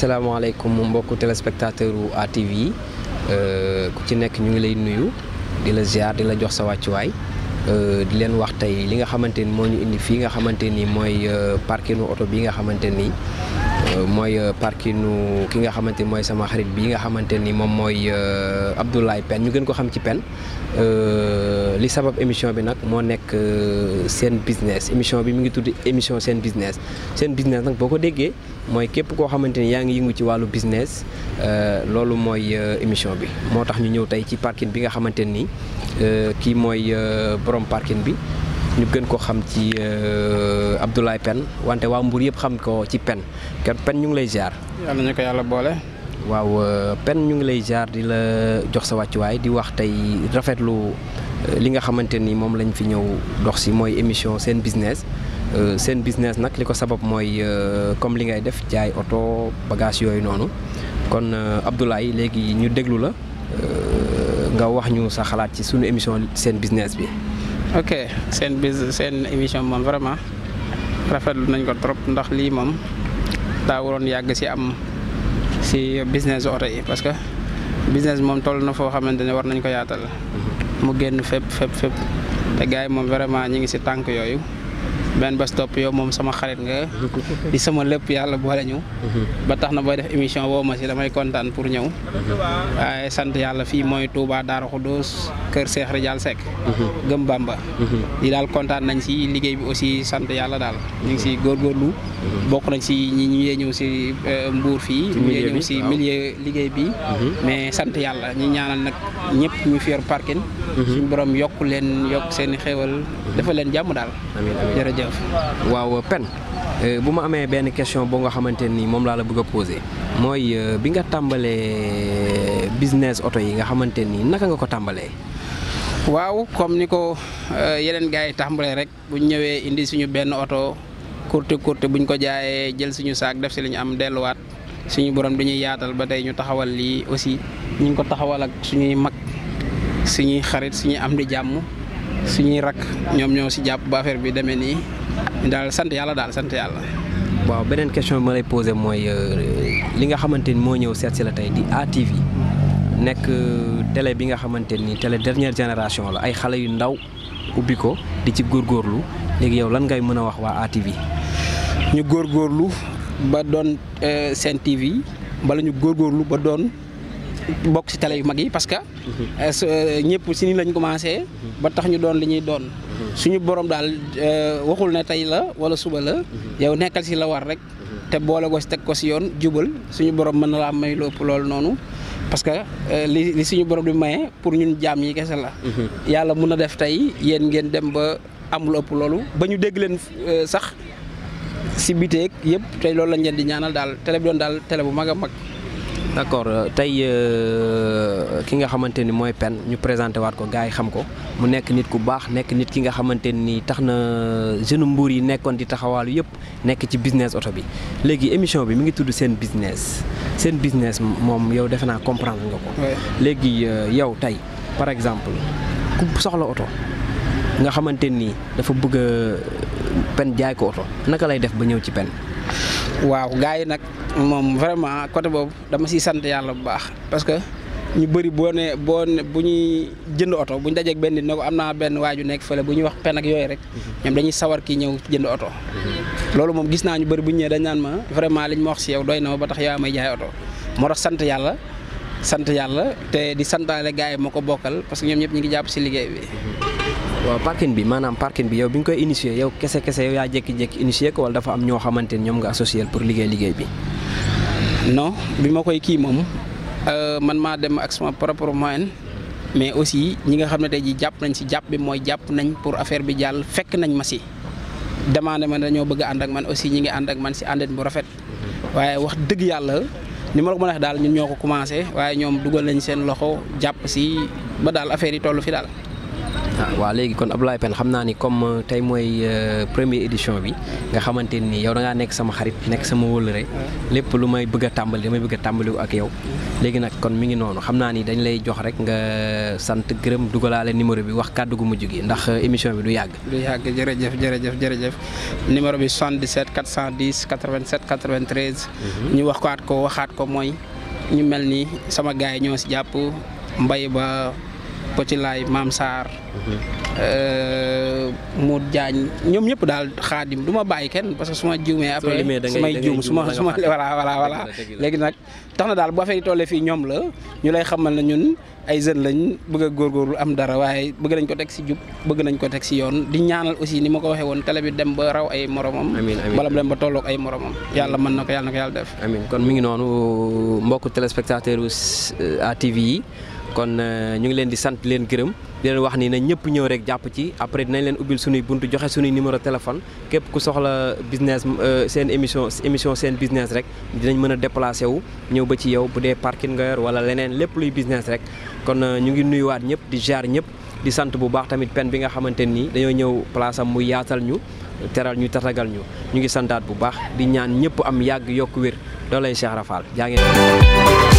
salaamaaleykum mbokku téléspectateur u ATV yi euh, ku ci nekk ñu ngi lay nuyu di la ziar di la jox sa wàccuwaay euh, di leen wax tey li nga xamante ni moo ñu indi fii nga xamante nii mooy euh, parkinu oto bi nga xamante nii Euh, mooy euh, parkinu ki nga xamante ni mooy sama xarit bi nga xamante ni moom mooy euh, Abdoulaye pen ñu gën ko xam ci Pène li sabab émission bi nag moo nekk seen business émission bi mu ngi tudd émission seen business seen business nag boo ko déggee mooy képp ko xamante ni yaa ngi yëngu ci wàllu business loolu mooy émission bi moo tax ñu ñëw tey ci parking bi nga xamante ni kii mooy borom parking bi ñu gën ko xam ci euh, Abdoulaye Pen wante wa mbur yëp xam ko ci Pen kër Pen ñu ngi lay ziar Yalla ñu ko Yalla boole waaw euh, Pen ñu ngi lay ziar di la jox sa way di wax tay rafetlu euh, li nga xamanteni mom lañ fi ñëw dox ci moy émission sen business sen business nak liko sabab moy comme li ngay def jaay auto bagage yoy nonu kon Abdoulaye léegi ñu déglu la nga wax ñu sa xalaat ci sunu émission sen business bi ok seen bis seen émission moom vraiment rafetlu nañ ko trop ndax lii moom daa waroon yàgg si am si business oto yi parce que business moom toll na foo xamante ne war nañ ko yaatal mhm. mu génn fépp fépp fépp te gars yi moom vraiment ñi ngi si tànk yooyu. benn bés topp yow moom sama xarit nga di sama lépp yàlla boole ñu ba tax na booy def émission woo ma si damay kontaan pour ñëw waaye sant yàlla fii mooy Touba Darou Khoudoss kër Cheikh Ridial Seck gëm Bamba di daal kontaan nañ si liggéey bi aussi sant yàlla daal ñu ngi si góorgóorlu bokk nañ si ñi ñuyee ñëw si euh, mbuur fii ñuyee ñëw si milieu liggéey bi mhm. mais sant yàlla ñi ñaanal nag ñëpp ñu fi yor parking suñu borom yok len yok seen xewal dafa len dal, dal jërëjëf waaw pen euh, buma ma amee benn question bo nga xamanteni mom la la bëgg poser moy euh, bi nga tambalé euh, business auto yi nga xamanteni naka nga ko tambalé waaw comme niko yenen gaay tambalé rek bu ñëwé indi suñu ben auto, courte courte buñ ko jaayé jël suñu sac def ci li am delu wat suñu borom dañuy yaatal ba tay ñu taxawal li aussi ñing ko taxawal ak suñu mag suñuy xarit su suñuy am di jàmm suñuy rakk ñoom ñoo si jàpp ba affaire bi demee nii daal sant yàlla daal sant yàlla. waaw beneen question bi ma lay posé mooy euh, li nga xamante ni moo ñëw seet si la tey di ATV nekk euh, télé bi nga xamante ni tele dernière génération la ay xale yu ndaw ubbi ko di ci góorgóorlu léegi yow lan ngay mën a wax waa ATV. ñu góor góorlu ba doon euh, seen TV bala ñu góorgóorlu ba doon. bok ci télé yu mag yi parce que euh, euh, ñepp ci ni lañ commencé ba tax ñu doon li ñuy doon suñu borom euh waxul ne tay la wala suba la yow nekkal ci la war rek te boole ko si tek ko ci yoon jubal suñu borom mëna la may lopp lool nonu parce que euh, li li suñu borom di maye pour ñun jaam yi kessa la yalla mëna def tay yeen ngeen dem ba am lopp loolu ba ñu dégg leen sax si biteeg yépp tay loolu lañ leen di ñaanal dal télé bi doon dal télé bu mag mag d' accord euh, tey euh, ki nga xamante ni mooy Pène ñu présenté waat ko gars yi xam ko mu nekk nit ku baax nekk nit ki nga xamante ni tax na jeune mbuur yi nekkoon di taxawaalu yëpp nekk ci business oto bi léegi émission bi mi ngi tudd seen business seen business moom yow defe naa comprendre nga ko. léegi euh, yow tey par exemple ku soxla oto nga xamante ni dafa bëgg a Pène jaay ko oto naka lay def ba ñëw ci pen waaw gars yi nag moom vraiment côté boobu dama siy sant yàlla bu baax parce que ñu bëri boo ne boo ne bu ñuy jënd oto bu ñu dajee benn nit ne ko am naa benn waaju nekk fële bu ñuy wax pen yooyu rek ñoom dañuy sawar kii ñëw jënd oto loolu moom gis naa ñu bëri bu ñu ñëwee dañ naan ma vraiment lañ ma wax si yow doy na ma ba tax yaa may jaay oto moo tax sant yàlla sant yàlla te di santaale gars yi ma ko bokkal parce que ñoom ñëpp ñu ngi jàpp si liggéey bi wa parking bi manam parking bi yow bi nga koy initier yow kese kese yow ya jékki-jékki initier ko wala dafa am ño xamanteni ñom nga associer pour liguey liguey bi non bi ma koy mom euh man ma dem ak sama propre moyen mais aussi ñi nga xam tay ji japp nañ si japp bi moy japp nañ pour affaire bi jall fekk nañ ma si demandé man dañu bëgg and ak man aussi ñi nga and ak man si andet bu rafet waye wax deug yalla ni ma la ko mëna dal ñun ñoko commencé waye ñom duggal nañ seen loxo japp si ba dal affaire yi tollu fi dal waaw léegi kon Abdoulaye Pène xam naa ni comme euh, tey mooy euh, première édition bi nga xamante nii yow da nekk sama xarit nekk sama wóllëre lépp lu may bëgg a tàmbali may bëgg a tàmbaliku ak yow léegi nag kon mi ngi noonu xam naa ni dañ lay jox rek nga euh, sant gërëm dugalaale numéro bi wax kàddu gu mujj gi ndax émission bi du yàgg. du yàgg jërëjëf jërëjëf jërëjëf numéro bi 77 410 87 93. ñu wax ko at ko waxaat ko mooy ñu mel ni sama gars yi ñoo si jàpp mbay ba. Potilay Maam Sarr euh, Mout Diagne ñoom ñëpp daal xaadim du ma bàyyi kenn parce que su ma juumee après su may juum su ma su ma voilà voilà voilà nag tax na daal bu affaire yi tollee fii ñoom la ñu lay xamal na ñun ay jeunes lañ bëgg a góorgóorlu am dara waaye bëgg nañ ko teg si jub bëgg nañ ko teg si yoon di ñaanal aussi ni ma ko waxee woon télé bi dem ba raw ay moromam wala mu dem ba tolloog ay moromam yàlla man na ko yàlla yàlla def amiin kon mu ngi noonu mbokku mbokk téléspectateur euh, ATV yi kon euh, ñu ngi leen di sant leen gërëm di leen wax nii na ñëpp ñëw rek jàpp ci après dinañ leen ubbil suñuy buntu joxe suñuy numéro téléphone képp ku soxla business euh, seen émission émission seen business rek dinañ mën a déplacé wu ñëw ba ci yow bu dee parking nga yor wala leneen lépp luy business rek kon euh, ñu ngi nuyuwaat ñëpp di jaar ñëpp di sant bu baax tamit pen bi nga xamante nii dañoo ñëw place mu yaatal ñu teral ñu tatagal ñu ñu ngi santaat bu baax di ñaan ñëpp am yàgg yokk wér loolay Cheikh Rafal jaa ngeen